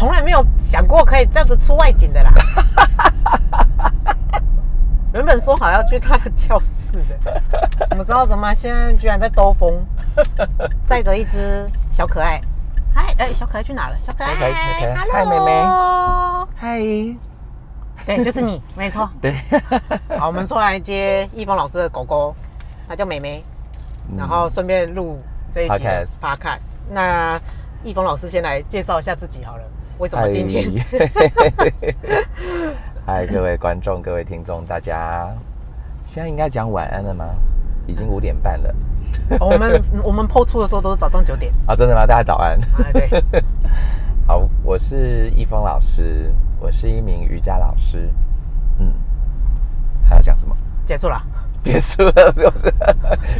從來沒有想過可以這樣子出外景的啦！原本說好要去他的教室的。怎麼知道怎麼現在居然在兜風，載着一隻小可愛。嗨，哎、欸，小可愛去哪了？小可愛，嗨 Okay, okay. Hello.，嗨，妹妹，嗨，對，就是你，沒錯，對。好，我們出來接易峰老師的狗狗，他叫妹妹，然後順便錄這一集 Podcast。那易峰老師先來介紹一下自己好了。為什麼今天？嗨，各位觀眾，各位聽眾，大家現在應該講晚安了嗎？已經五點半了、嗯。我們我們播出的時候都是早上九點啊、哦，真的嗎？大家早安。啊、對。好，我是奕峰老師，我是一名瑜伽老師。嗯，還要講什麼？結束了。結束了，就是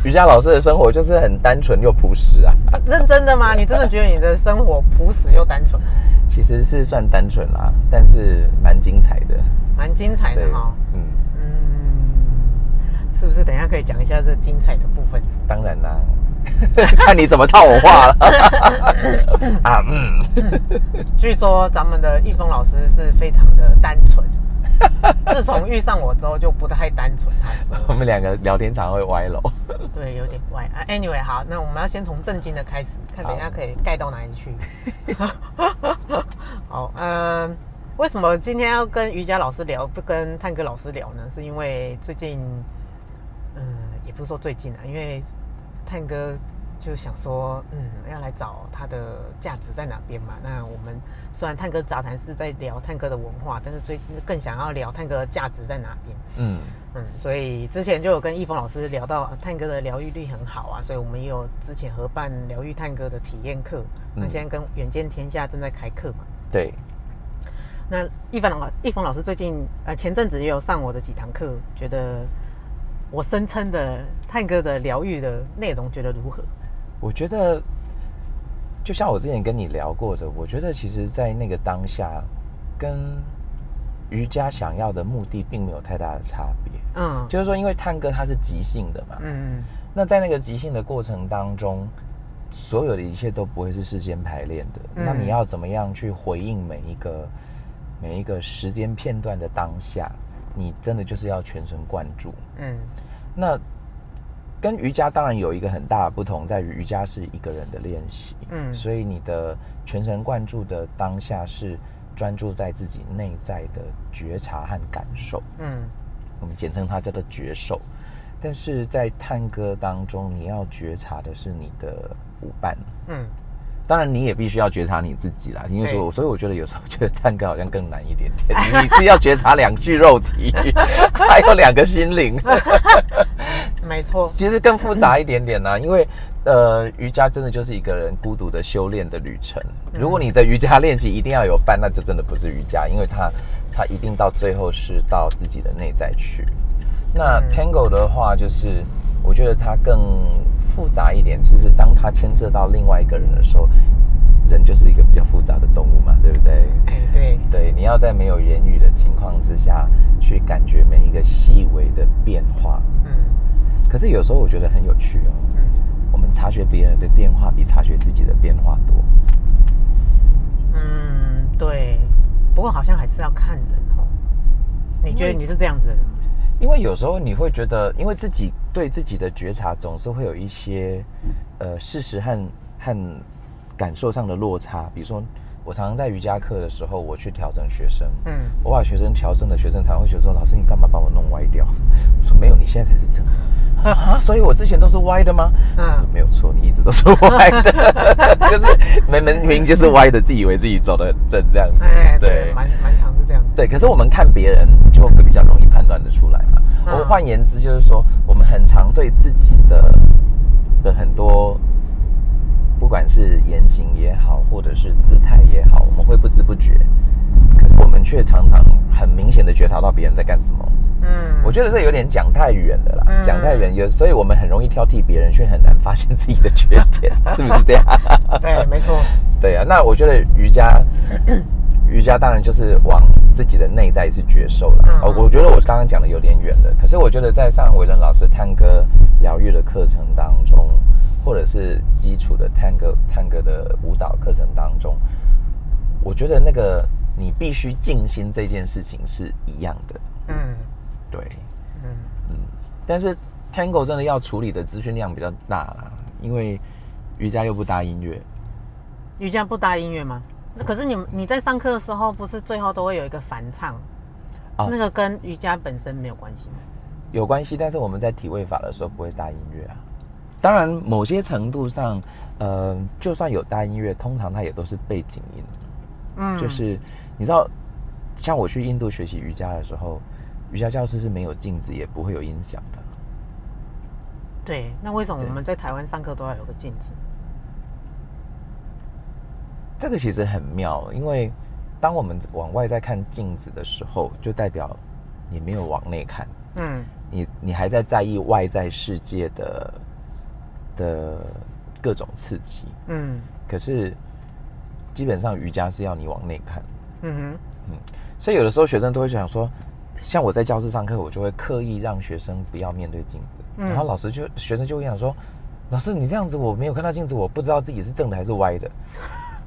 瑜伽老師的生活，就是很單純又樸實啊。認真的嗎？你真的覺得你的生活樸實又單純？其實是算單純啦，但是蠻精彩的，蠻精彩的哈、喔。嗯，嗯是不是？等一下可以講一下這精彩的部分？當然啦， 看你怎麼套我話了啊。嗯，據說咱們的奕峰老師是非常的單純。 自從遇上我之後，就不太單純。他說，我們兩個聊天常會歪樓。 對，有點歪啊。Anyway，好，那我們要先從正經的開始，看等下可以蓋到哪裡去。好，嗯、 呃，為什麼今天要跟瑜伽老師聊，不跟探戈老師聊呢？是因為最近，嗯、呃，也不是說最近啊，因為探戈。就想說，嗯，要來找他的價值在哪邊嘛？那我們雖然探戈雜談是在聊探戈的文化，但是最近更想要聊探戈的價值在哪邊。嗯嗯，所以之前就有跟奕峰老師聊到，探戈的療癒率很好啊，所以我們也有之前合辦療癒探戈的體驗課，那、嗯、現在跟遠見天下正在開課嘛？對。那奕峰、老奕峰老師最近呃前陣子也有上我的幾堂課，覺得我聲稱的探戈的療癒的內容，覺得如何？我覺得，就像我之前跟你聊過的，我覺得其實，在那個當下，跟瑜伽想要的目的並沒有太大的差別。嗯，就是說，因為探戈它是即興的嘛。嗯。那在那個即興的過程當中，所有的一切都不會是事先排練的。嗯。那你要怎麼樣去回應每一個每一個時間片段的當下？你真的就是要全神貫注。嗯。那。跟瑜伽當然有一個很大的不同，在於瑜伽是一個人的練習，嗯，所以你的全神貫注的當下是專注在自己內在的覺察和感受，嗯，我們簡稱它叫做覺受。但是在探戈當中，你要覺察的是你的舞伴，嗯，當然你也必須要覺察你自己啦。嗯、因為說，對所以我覺得有時候覺得探戈好像更難一點點，你只要覺察兩具肉體， 還有兩個心靈。 沒錯，其實更複雜一點點呢、啊， 因為呃，瑜伽真的就是一個人孤獨的修煉的旅程。嗯、如果你的瑜伽練習一定要有伴，那就真的不是瑜伽，因為它它一定到最後是到自己的內在去。那 Tango 的話，就是、嗯、我覺得它更複雜一點，其實當它牽涉到另外一個人的時候，人就是一個比較複雜的動物嘛，對不對？哎、對對，你要在沒有言語的情況之下，去感覺每一個細微的變化，嗯。可是有時候我覺得很有趣哦。嗯，我們察覺別人的變化比察覺自己的變化多。嗯，對。不過好像還是要看人哦。你覺得你是這樣子的人？因為有時候你會覺得，因為自己對自己的覺察總是會有一些呃事實和和感受上的落差，比如說。我常常在瑜伽課的時候，我去調整學生，嗯、我把學生調整的學生才會覺得說：“老師，你幹嘛把我弄歪掉？”我說：“嗯、沒有，你現在才是正的。啊”啊，所以我之前都是歪的嗎？嗯、啊，沒有錯，你一直都是歪的，就 是明明明就是歪的，嗯、自以為自己走的很正這樣子。子對，哎哎、對，蠻蠻常是這樣子。對，可是我們看別人就會比較容易判斷得出來嘛。嗯、我們換言之就是說，我們很常對自己的的很多。不管是言行也好，或者是姿態也好，我們會不知不覺，可是我們卻常常很明顯的覺察到別人在幹什麼。嗯，我覺得這有點講太遠的啦，嗯、講太遠，有所以我們很容易挑剔別人，卻很難發現自己的缺點， 是不是這樣？ 對，沒錯。對啊，那我覺得瑜伽，咳咳瑜伽當然就是往自己的內在是覺受了。哦、嗯，我覺得我剛剛講的有點遠了，可是我覺得在上偉倫老師探戈療癒的課程當中。或者是基礎的 Tango Tango 的舞蹈課程當中，我覺得那個你必須靜心這件事情是一樣的。嗯，對，嗯嗯。但是 Tango 真的要處理的資訊量比較大啦，因為瑜伽又不搭音樂。瑜伽不搭音樂嗎？那可是你你在上課的時候，不是最後都會有一個梵唱？啊，那個跟瑜伽本身沒有關係嗎？有關係，但是我們在體位法的時候不會搭音樂啊。當然，某些程度上，呃，就算有大音樂，通常它也都是背景音。嗯，就是你知道，像我去印度學習瑜伽的時候，瑜伽教室是沒有鏡子，也不會有音響的。對，那為什麼我們在台灣上課都要有個鏡子？這個其實很妙，因為當我們往外在看鏡子的時候，就代表你沒有往內看。嗯，你你還在在意外在世界的。的各種刺激，嗯，可是基本上瑜伽是要你往內看，嗯哼，嗯，所以有的時候學生都會想說，像我在教室上課，我就會刻意讓學生不要面對鏡子，嗯、然後老師就學生就會想說，老師你這樣子我沒有看到鏡子，我不知道自己是正的還是歪的，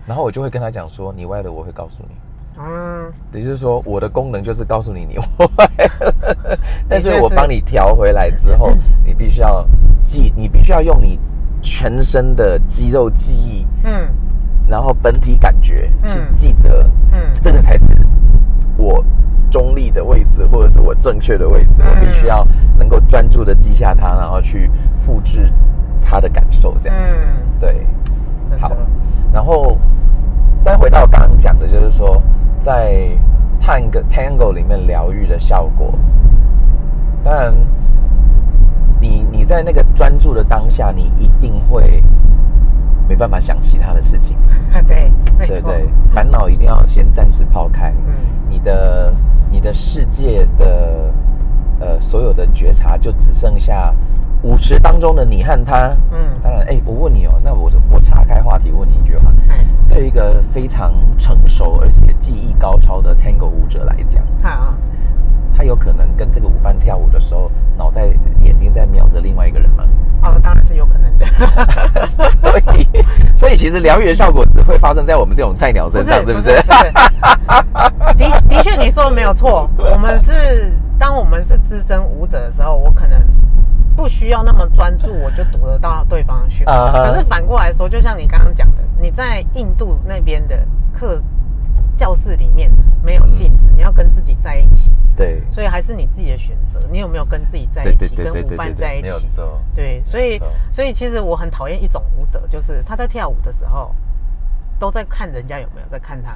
然後我就會跟他講說，你歪的我會告訴你，嗯，也就是說我的功能就是告訴你你我歪的，你是是但是我幫你調回來之後，你必須要。記，你必須要用你全身的肌肉記憶，嗯，然後本體感覺去記得，嗯，嗯，這個才是我中立的位置，或者是我正確的位置。嗯、我必須要能夠專注地記下它，然後去複製它的感受，這樣子。嗯、對，好。嗯、然後，再回到剛剛講的，就是說，在 Tango Tango 裡面療癒的效果，當然。你在那個專注的當下，你一定會沒辦法想其他的事情。對，對對，煩惱一定要先暫時拋開。你的你的世界的呃所有的覺察，就只剩下舞池當中的你和他。嗯，當然，哎，我問你哦，那我我岔開話題問你一句話：對一個非常成熟而且技藝高超的 Tango 舞者來講，好。他有可能跟這個舞伴跳舞的時候，腦袋眼睛在瞄着另外一個人嗎？哦，當然是有可能的。 所以，所以其實療癒的效果只會發生在我們這種菜鳥身上，是不是？不是不是 的的確，你說的沒有錯。我們是當我們是資深舞者的時候，我可能不需要那麼專注，我就讀得到對方去。Uh huh. 可是反過來說，就像你剛剛講的，你在印度那邊的課。教室裡面沒有鏡子，嗯、你要跟自己在一起。對，所以還是你自己的選擇。你有沒有跟自己在一起？跟舞伴在一起？對，對，對，對，沒有錯，對，所以，所以其實我很討厭一種舞者，就是他在跳舞的時候都在看人家有沒有在看他。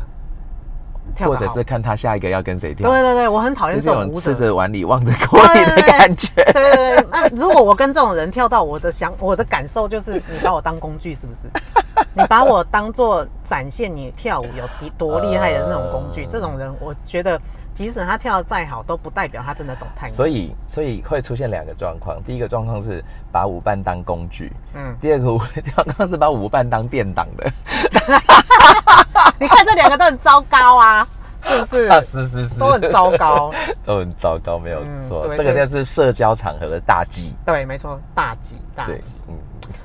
跳或者是看他下一個要跟誰跳。對對對，我很討厭這種吃着碗裡望着鍋裡的感覺對對對對。對對對，那、啊、如果我跟這種人跳到，我的想我的感受就是，你把我當工具是不是？ 你把我當做展現你跳舞有多厲害的那種工具。嗯、這種人，我覺得即使他跳得再好，都不代表他真的懂探戈。所以，所以會出現兩個狀況：第一個狀況是把舞伴當工具，嗯；第二個狀況是把舞伴當墊檔的。 你看這兩個都很糟糕啊，是不是？啊、是，是，是都很糟糕， 都很糟糕，沒有錯。嗯、這個就是社交場合的大忌。對，沒錯，大忌大忌。嗯，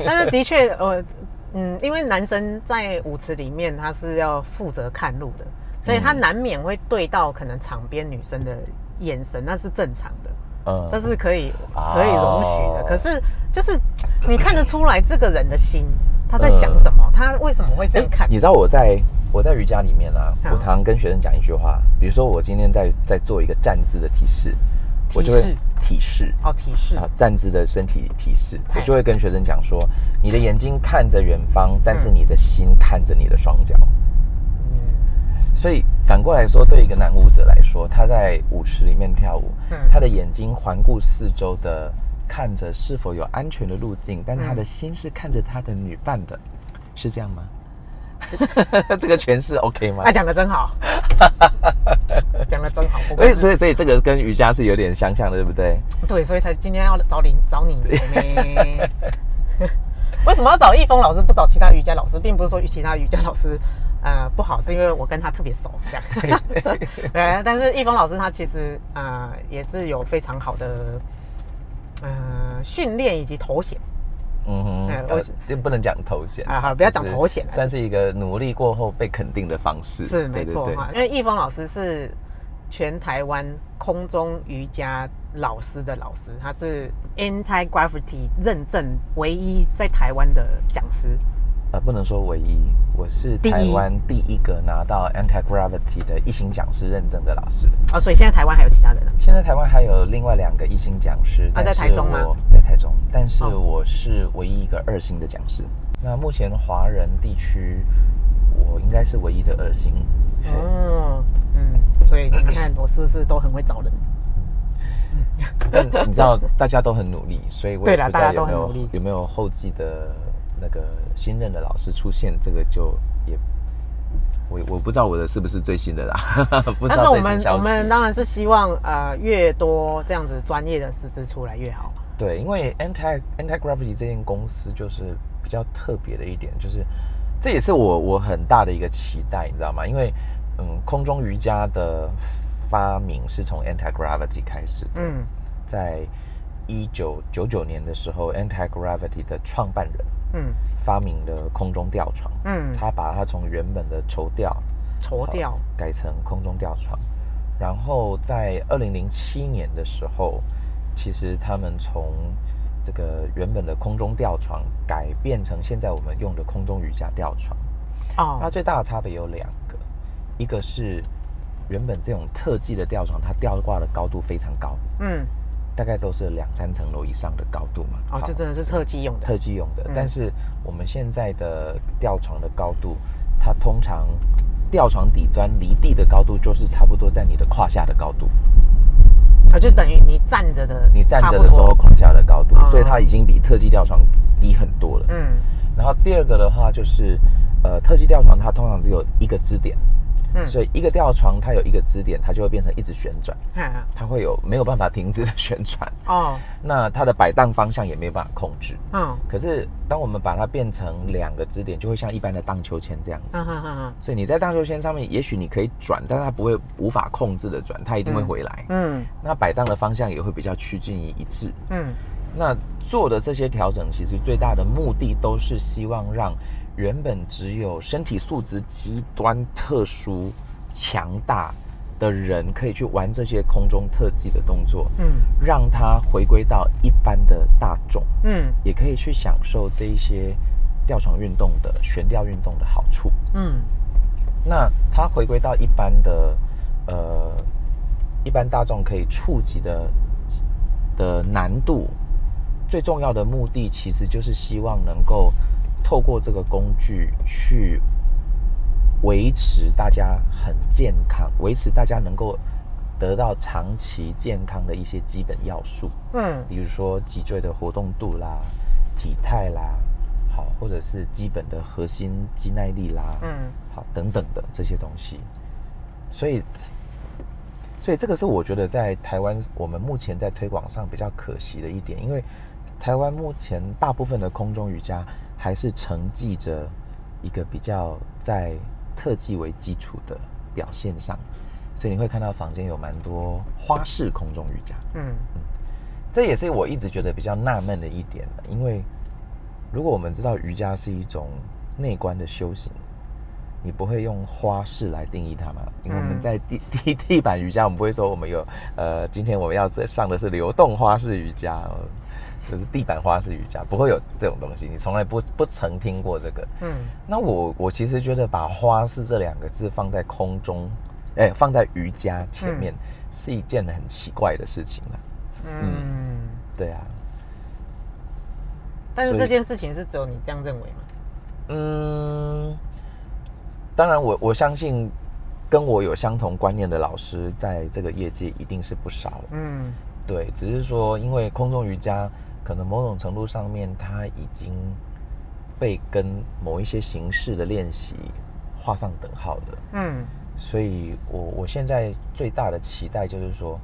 但是的確，呃，嗯，因為男生在舞池裡面他是要負責看路的，所以他難免會對到可能場邊女生的眼神，嗯、那是正常的，嗯、這是可以可以容許的。哦、可是就是你看得出來這個人的心。他在想什麼？呃、他為什麼會這樣看？啊、你知道我在我在瑜伽裡面啊。好我常跟學生講一句話。比如說，我今天在在做一個站姿的提示，提示我就會提示，哦、提示，啊，站姿的身體提示，嘿我就會跟學生講說：你的眼睛看着遠方，但是你的心看着你的雙腳。嗯，所以反過來說，對一個男舞者來說，他在舞池裡面跳舞，嗯、他的眼睛環顧四周的。看着是否有安全的路徑，但是他的心是看着他的女伴的，嗯、是這樣嗎？ 這個詮釋 OK 嗎？講的、啊、真好，講的 真好。哎，所以所以這個跟瑜伽是有點相像的，對不對？對，所以才今天要找你找你妹妹。 為什麼要找奕峰老師不找其他瑜伽老師，並不是說與其他瑜伽老師呃不好，是因為我跟他特別熟這樣。對、對、對， 對，但是奕峰老師他其實、呃、也是有非常好的。嗯、呃，訓練以及頭銜，嗯哼，呃，就不能講頭銜啊，好，不要講頭銜，是算是一個努力過後被肯定的方式。是對對對沒錯哈，因為奕峰老師是全台灣空中瑜伽老師的老師，他是 Anti Gravity 認證唯一在台灣的講師。呃、不能說唯一，我是台灣第一個拿到 Anti Gravity 的一星講師認證的老師啊、哦，所以現在台灣還有其他人、啊？現在台灣還有另外兩個一星講師啊，在台中嗎？在台中，但是我是唯一一個二星的講師。哦、那目前華人地區，我應該是唯一的二星。嗯、哦、嗯，所以你看我是不是都很會找人？嗯、 你知道大家都很努力，所以我對大家都很努力，有沒有後繼的？那個新任的老師出現，這個就也我我不知道我的是不是最新的啦。 不知道，但是我們我們當然是希望呃越多這樣子專業的師資出來越好嘛。對，因為 anti anti gravity 這間公司就是比較特別的一點，就是這也是我我很大的一個期待，你知道嗎？因為嗯，空中瑜伽的發明是從 anti gravity 開始，嗯，在一九九九年的時候，anti gravity 的創辦人。嗯、發明的空中吊床，嗯，他把它從原本的綢吊，綢吊、啊、改成空中吊床，然後在二零零七年的時候，其實他們從這個原本的空中吊床改變成現在我們用的空中瑜伽吊床，哦，它最大的差別有兩個，一個是原本這種特技的吊床，它吊掛的高度非常高，嗯。大概都是兩三層樓以上的高度嘛？哦，這真的是特技用的。特技用的，嗯、但是我們現在的吊床的高度，它通常吊床底端離地的高度就是差不多在你的胯下的高度。啊，就等於你站着的，你站着的時候胯下的高度，哦、所以它已經比特技吊床低很多了。嗯。然後第二個的話就是，呃，特技吊床它通常只有一個支點。嗯，所以一個吊床它有一個支點，它就會變成一直旋轉，它會有沒有辦法停止的旋轉哦。那它的擺盪方向也沒有辦法控制。可是當我們把它變成兩個支點，就會像一般的盪秋千這樣子。所以你在荡秋千上面，也許你可以轉，但是它不會無法控制的轉，它一定會回來。嗯。那擺盪的方向也會比較趨近於一致。嗯。那做的這些調整，其實最大的目的都是希望讓。原本只有身體素質極端特殊、強大的人可以去玩這些空中特技的動作，嗯，讓他回歸到一般的大眾，嗯，也可以去享受這一些吊床運動的懸吊運動的好處，嗯。那他回歸到一般的，呃，一般大眾可以觸及的的難度，最重要的目的其實就是希望能夠。透過這個工具去維持大家很健康，維持大家能夠得到長期健康的一些基本要素，嗯，比如說脊椎的活動度啦、體態啦，好，或者是基本的核心肌耐力啦，嗯，好，等等的這些東西。所以，所以這個是我覺得在台灣我們目前在推廣上比較可惜的一點，因為台灣目前大部分的空中瑜伽。還是承繼着一個比較在特技為基礎的表現上，所以你會看到坊間有蠻多花式空中瑜伽。嗯，嗯，這也是我一直覺得比較納悶的一點，因為如果我們知道瑜伽是一種內觀的修行，你不會用花式來定義它嗎？因為我們在地地、嗯、地板瑜伽，我們不會說我們有呃，今天我們要上的是流動花式瑜伽。就是地板花式瑜伽不會有這種東西，你從來不不曾聽過這個。嗯，那我我其實覺得把“花式”這兩個字放在空中，哎，放在瑜伽前面、嗯、是一件很奇怪的事情、啊、嗯，嗯對啊。但是這件事情所以是只有你這樣認為嗎？嗯，當然我，我我相信跟我有相同觀念的老師在這個業界一定是不少。嗯，對，只是說因為空中瑜伽。可能某種程度上面，它已經被跟某一些形式的練習畫上等號的。嗯，所以我我現在最大的期待就是說，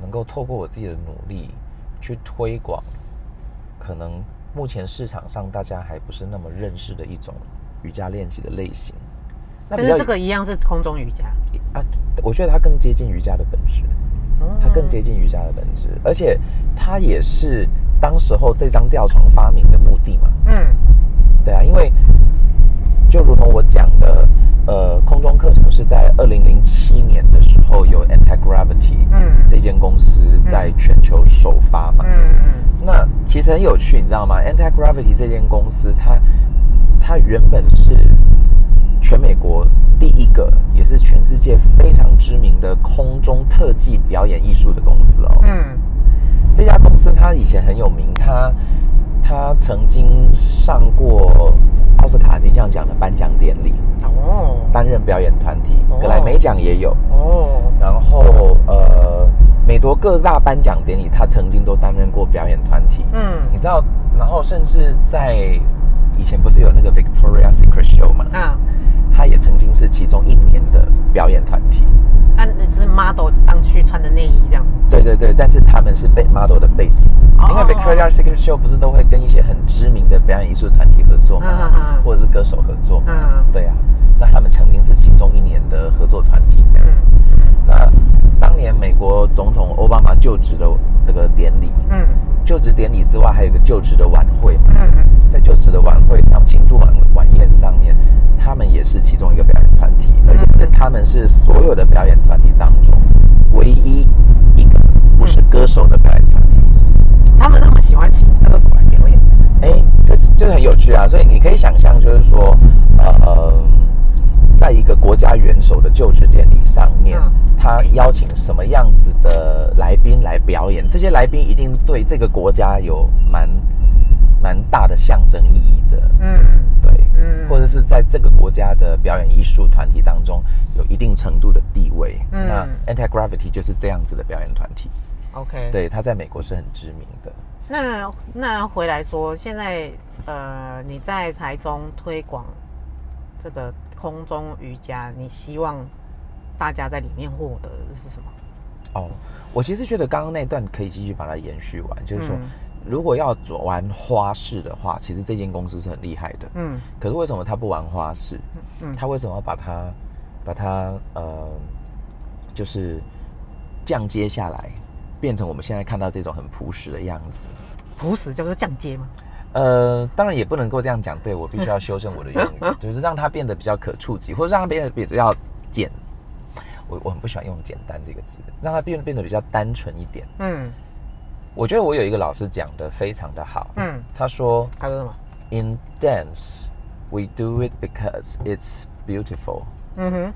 能夠透過我自己的努力去推廣，可能目前市場上大家還不是那麼認識的一種瑜伽練習的類型。但是這個一樣是空中瑜伽啊！我覺得它更接近瑜伽的本質，嗯，它更接近瑜伽的本質，而且它也是。當時候這張吊床發明的目的嘛，嗯，對啊，因為就如同我講的，呃，空中課程是在二零零七年的時候由 Anti Gravity，嗯，這間公司在全球首發嘛，嗯嗯，那其實很有趣，你知道嗎？Anti Gravity 這間公司，它它原本是全美國第一個，也是全世界非常知名的空中特技表演藝術的公司哦，嗯。這家公司他以前很有名，他他曾經上過奧斯卡金像獎的頒獎典禮哦，oh. 擔任表演團體，oh. 格萊美獎也有哦，oh. 然後呃，美國各大頒獎典禮他曾經都擔任過表演團體，嗯，mm. 你知道，然後甚至在以前不是有那個 Victoria Secret, oh. Show 嘛，oh. 他也曾經是其中一年的表演團體，啊，那是 model 上去穿的內衣這樣。對對對，但是他們是被 model 的背景，oh, 因為 Victoria Secret Show 不是都會跟一些很知名的表演藝術團體合作嗎？oh, oh, oh. 或者是歌手合作嗎，嗎、oh, oh, oh. 對啊，那他們曾經是其中一年的合作團體這樣子。嗯嗯、那當年美國總統奧巴馬就職的那個典禮，嗯。就職典禮之外，還有一個就職的晚會嘛，嗯嗯，在就職的晚會上，慶祝晚晚宴上面，他們也是其中一個表演團體，嗯嗯，而且跟他們是所有的表演團體當中唯一一個不是歌手的表演團體嗯嗯。他們那麼喜歡請歌手來表演，哎、欸，這這很有趣啊！所以你可以想象，就是說，呃呃。在一個國家元首的就職典禮上面，哦，他邀請什麼樣子的來賓來表演？這些來賓一定對這個國家有蠻蠻大的象徵意義的。嗯，對，嗯，或者是在這個國家的表演藝術團體當中有一定程度的地位。嗯，那 Anti Gravity 就是這樣子的表演團體。OK，嗯，對，他在美國是很知名的。那那回來說，現在呃，你在台中推廣這個。空中瑜伽，你希望大家在裡面獲得的是什麼？哦，oh, 我其實覺得剛剛那段可以繼續把它延續完，嗯、就是說，如果要玩花式的話，其實這間公司是很厲害的。嗯。可是為什麼他不玩花式？嗯。他、嗯、為什麼要把它，把它呃，就是降階下來，變成我們現在看到這種很樸實的樣子？樸實叫做降階嗎？呃，當然也不能夠這樣講，對我必須要修正我的用語，嗯、就是讓它變得比較可觸及，嗯、或者讓它變得比較簡。我我很不喜歡用“簡單”這個字，讓它變變得比較單純一點。嗯，我覺得我有一個老師講的非常的好。嗯，他說他說什麼？In dance, we do it because it's beautiful. 嗯哼。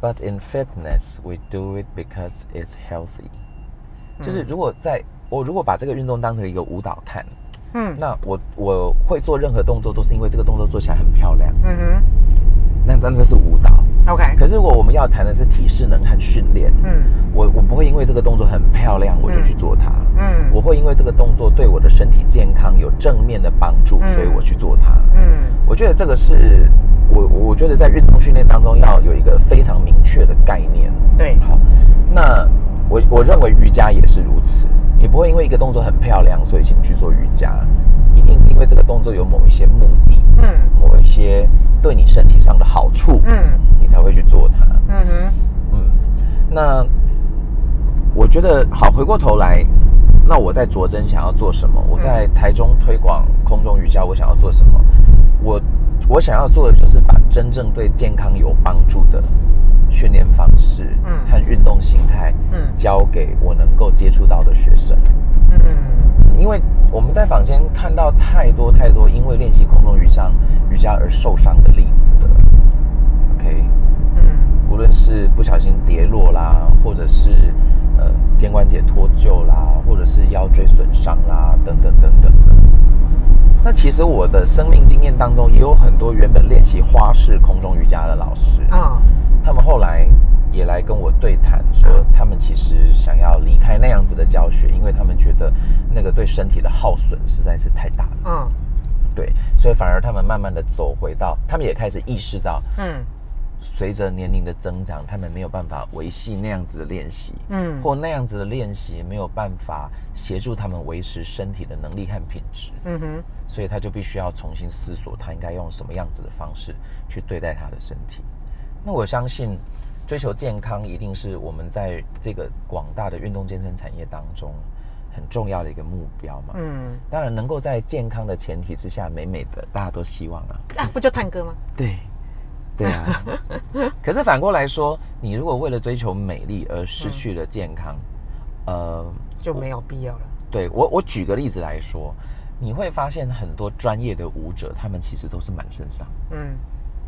But in fitness, we do it because it's healthy. 嗯、就是如果在我如果把這個運動當成一個舞蹈看。嗯，那我我會做任何動作，都是因為這個動作做起來很漂亮。嗯哼，那真的是舞蹈。OK，可是如果我們要談的是體適能和訓練，嗯，我我不會因為這個動作很漂亮，我就去做它。嗯，我會因為這個動作對我的身體健康有正面的幫助，嗯、所以我去做它。嗯，我覺得這個是、嗯、我，我覺得在運動訓練當中要有一個非常明確的概念。對，好，那我我認為瑜伽也是如此。你不會因為一個動作很漂亮，所以請去做瑜伽，一定因為這個動作有某一些目的，嗯，某一些對你身體上的好處，嗯，你才會去做它，嗯哼，嗯。那我覺得好，回過頭來，那我在拙真想要做什麼？我在台中推廣空中瑜伽，我想要做什麼？我我想要做的就是把真正對健康有幫助的。訓練方式嗯，嗯，和運動形態，嗯，交給我能夠接觸到的學生，嗯，因為我們在坊間看到太多太多因為練習空中瑜伽瑜伽而受傷的例子了，OK，嗯，無論是不小心跌落啦，或者是呃肩關節脫臼啦，或者是腰椎損傷啦，等等等等的。那其實我的生命經驗當中也有很多原本練習花式空中瑜伽的老師，啊。他們後來也來跟我對談，說他們其實想要離開那樣子的教學，因為他們覺得那個對身體的耗損實在是太大了。嗯，對，所以反而他們慢慢的走回到，他們也開始意識到，嗯，隨着年齡的增長，他們沒有辦法維繫那樣子的練習，嗯，或那樣子的練習沒有辦法協助他們維持身體的能力和品質。嗯哼，所以他就必須要重新思索，他應該用什麼樣子的方式去對待他的身體。那我相信，追求健康一定是我們在這個廣大的運動健身產業當中很重要的一個目標嘛。嗯，當然能夠在健康的前提之下美美的，大家都希望啊。啊，不就探戈嗎？對，對，對啊。可是反過來說，你如果為了追求美麗而失去了健康，呃，就沒有必要了。對我，我舉個例子來說，你會發現很多專業的舞者，他們其實都是滿身傷。嗯。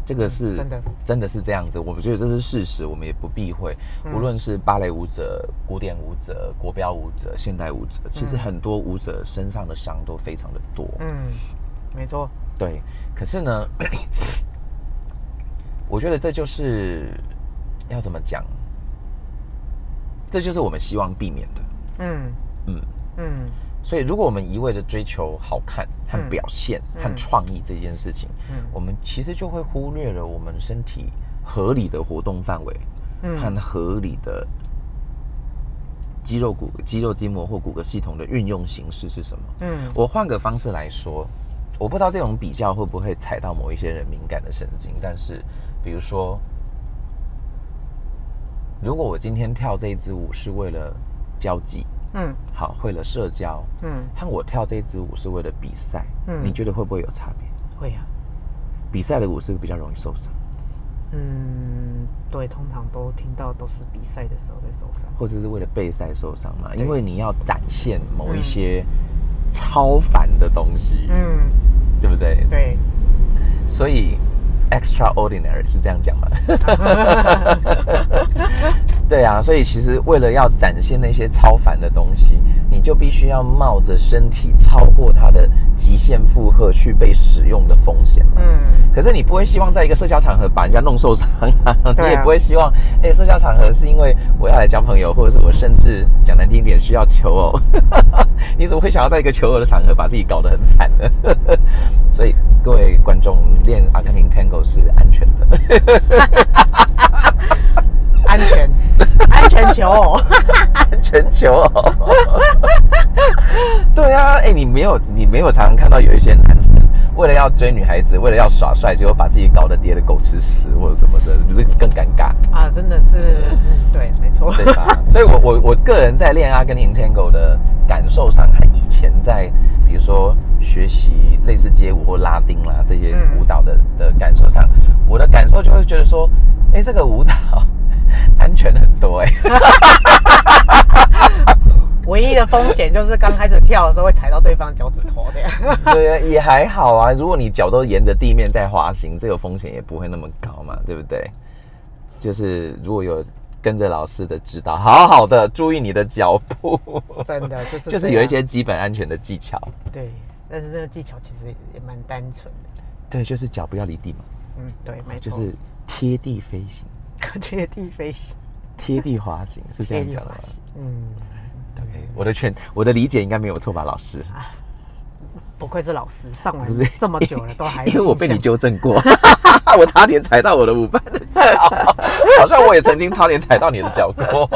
這個是真的，真的是這樣子。我覺得這是事實，我們也不避諱。無論是芭蕾舞者、古典舞者、國標舞者、現代舞者，其實很多舞者身上的傷都非常的多。嗯，沒錯。對，可是呢，我覺得這就是要怎麼講，這就是我們希望避免的。嗯嗯嗯。所以，如果我們一味的追求好看和表現和創意這件事情，嗯嗯、我們其實就會忽略了我們身體合理的活動範圍、嗯、和合理的肌肉骨、肌肉筋膜或骨骼系統的運用形式是什麼。嗯，我換個方式來說，我不知道這種比較會不會踩到某一些人敏感的神經，但是，比如說，如果我今天跳這一支舞是為了交際。嗯，好，為了社交，嗯，和我跳這支舞是為了比賽，嗯，你覺得會不會有差別？會啊，比賽的舞是不是比較容易受傷？嗯，對，通常都聽到都是比賽的時候在受傷，或者是為了備賽受傷嘛？對，因為你要展現某一些超凡的東西，嗯，對不對？對，所以。extraordinary 是這樣講嗎？ 對啊，所以其實為了要展現那些超凡的東西，你就必須要冒着身體超過它的極限負荷去被使用的風險。嗯，可是你不會希望在一個社交場合把人家弄受傷、啊啊、你也不會希望，哎、欸，社交場合是因為我要來交朋友，或者是我甚至講難聽一點需要求偶， 你怎麼會想要在一個求偶的場合把自己搞得很慘呢？ 所以各位觀眾練阿根廷 Tango，都是安全的， 安全。安全球，喔， 全球，喔，對啊，哎、欸，你沒有，你沒有常常看到有一些男生為了要追女孩子，為了要耍帥，結果把自己搞得跌得狗吃屎或者什麼的，只是你更尷尬啊，真的是，嗯、對，沒錯。對吧？所以我，我我我個人在練阿根廷探戈的感受上，和以前在比如說學習類似街舞或拉丁啦、啊、這些舞蹈的的感受上，嗯、我的感受就會覺得說，哎、欸，這個舞蹈。安全很多哎、欸， 唯一的風險就是剛開始跳的時候會踩到對方腳趾頭這樣。對，也還好啊。如果你腳都沿着地面在滑行，這個風險也不會那麼高嘛，對不對？就是如果有跟着老師的指導，好好的注意你的腳步，真的就是就是有一些基本安全的技巧。對，但是這個技巧其實也蠻單純的。對，就是腳不要離地嘛。嗯，對，沒錯，就是貼地飛行。貼地飛行，貼地滑行是這樣講的嗎？嗯，OK，我的勸，我的理解應該沒有錯吧，老師？不愧是老師，上完這麼久了都還因為我被你糾正過， 我差點踩到我的舞伴的腳， 好像我也曾經差點踩到你的腳過。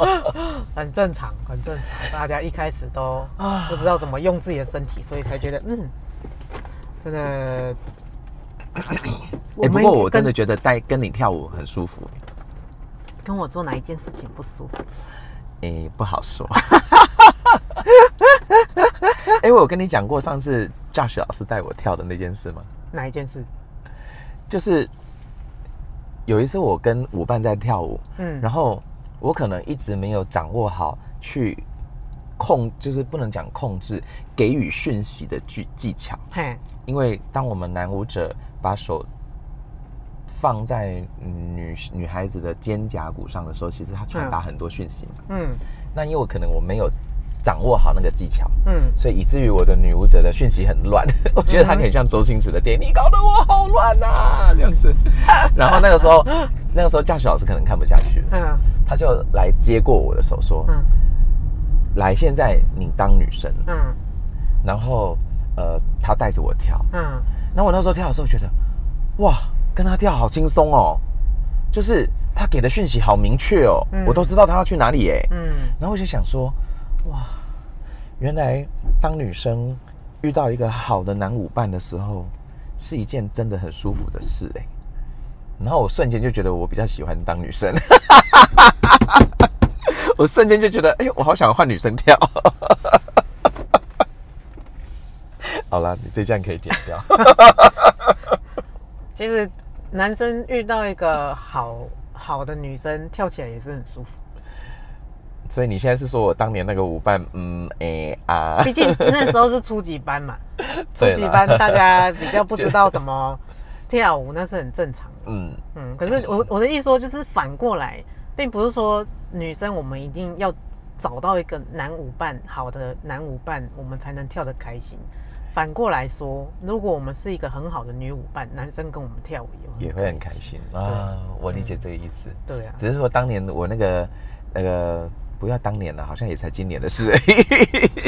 很正常，很正常，大家一開始都不知道怎麼用自己的身體，所以才覺得嗯。現在。嗯哎、欸，不過我真的覺得，帶跟你跳舞很舒服欸。跟我做哪一件事情不舒服？哎、欸，不好說。哎、 欸，我跟你講過上次 Josh 老師帶我跳的那件事嗎？哪一件事？就是有一次我跟舞伴在跳舞，嗯，然後我可能一直沒有掌握好去控，就是不能講控制，給予訊息的技技巧。嘿，因為當我們男舞者把手放在女女孩子的肩胛骨上的時候，其實她傳達很多訊息。嗯，那因為我可能我沒有掌握好那個技巧，嗯，所以以至於我的女舞者的訊息很亂。我覺得她很像周星馳的電影，你搞得我好亂啊這樣子。然後那個時候，那個時候教學老師可能看不下去。嗯，他就來接過我的手說：“嗯，來，現在你當女神。”嗯，然後呃，他帶着我跳，嗯，那我那時候跳的時候覺得，哇。”跟他跳好輕鬆哦，就是他給的訊息好明確哦，嗯、我都知道他要去哪裡哎、欸，嗯，然後我就想說，哇，原來當女生遇到一個好的男舞伴的時候，是一件真的很舒服的事哎、欸，然後我瞬間就覺得我比較喜歡當女生， 我瞬間就覺得，哎，我好想換女生跳， 好啦，這件可以剪掉， 其實。男生遇到一個好好的女生跳起來也是很舒服。所以你現在是說我當年那個舞伴，嗯，哎、欸、啊， 畢竟那時候是初級班嘛，初級班大家比較不知道怎麼跳舞，那是很正常的，嗯嗯。可是我我的意思說，就是反過來，並不是說女生我們一定要找到一個男舞伴，好的男舞伴我們才能跳得開心。反過來說，如果我們是一個很好的女舞伴，男生跟我們跳舞也，很也會很開心啊。對我理解這個意思。嗯、對啊，只是說當年我那個那個不要當年了，好像也才今年的事。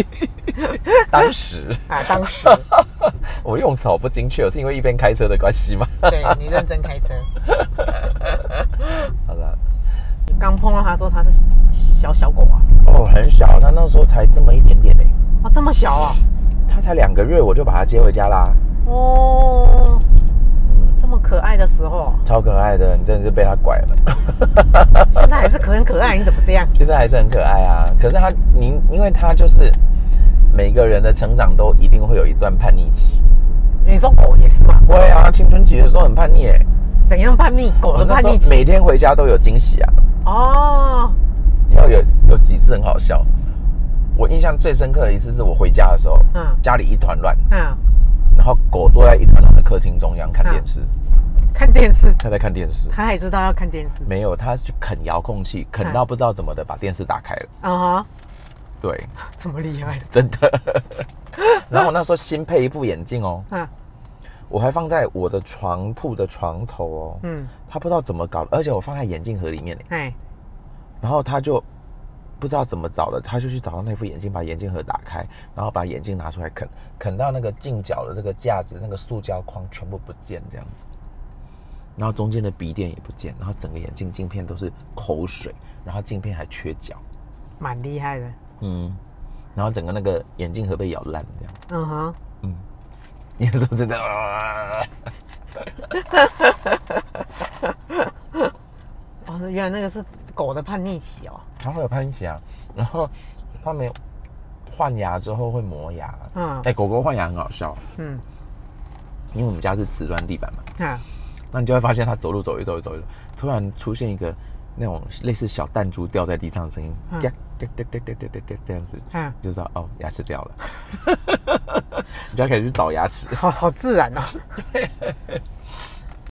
當時啊，當時 我用手不精確，是因為一邊開車的關係嗎？ 對，你認真開車。 好了的，剛碰到他說他是小小狗啊。哦，很小，他那時候才這麼一點點哎、欸。哦、啊，這麼小啊。他才兩個月，我就把他接回家啦。哦，這麼可愛的時候，超可愛的，你真的是被他拐了。現在還是可很可愛，你怎麼這樣？其實還是很可愛啊，可是他，您，因為他就是每個人的成長都一定會有一段叛逆期。你說狗也是吧？對啊，青春期的時候很叛逆欸。怎樣叛逆？狗的叛逆期？時候每天回家都有驚喜啊。哦。有有，有幾次很好笑。我印象最深刻的一次是我回家的時候，嗯，家裡一團亂，嗯，然後狗坐在一團亂的客廳中央看電視，嗯、看電視，他在看電視，他還知道要看電視，沒有，他去啃遙控器，啃到不知道怎麼的把電視打開了，啊、嗯，對，這麼厲害，真的。 然後我那時候新配一副眼鏡哦、喔，嗯、我還放在我的床鋪的床頭哦、喔，嗯，他不知道怎麼搞，而且我放在眼鏡盒裡面哎，嗯、然後他就。不知道怎麼找的，他就去找到那副眼鏡，把眼鏡盒打開，然後把眼鏡拿出來啃，啃到那個鏡腳的這個架子，那個塑膠框全部不見，這樣子。然後中間的鼻墊也不見，然後整個眼鏡鏡片都是口水，然後鏡片還缺角，蠻厲害的。嗯，然後整個那個眼鏡盒被咬爛這樣。嗯哼、uh，huh. 嗯，你說真的啊？哈哈哈哈哈哈！哦，原來那個是。狗的叛逆期哦，它會有叛逆期啊，然後它們換牙之後會磨牙。嗯，哎，狗狗換牙很好笑。嗯，因為我們家是瓷磚地板嘛。嗯，那你就會發現它走路走一走一走一走，突然出現一個那種類似小彈珠掉在地上的聲音，噠噠噠這樣子。嗯，就知道哦，牙齒掉了。哈哈哈哈哈哈！你就要開始去找牙齒。好好自然哦。哈哈哈。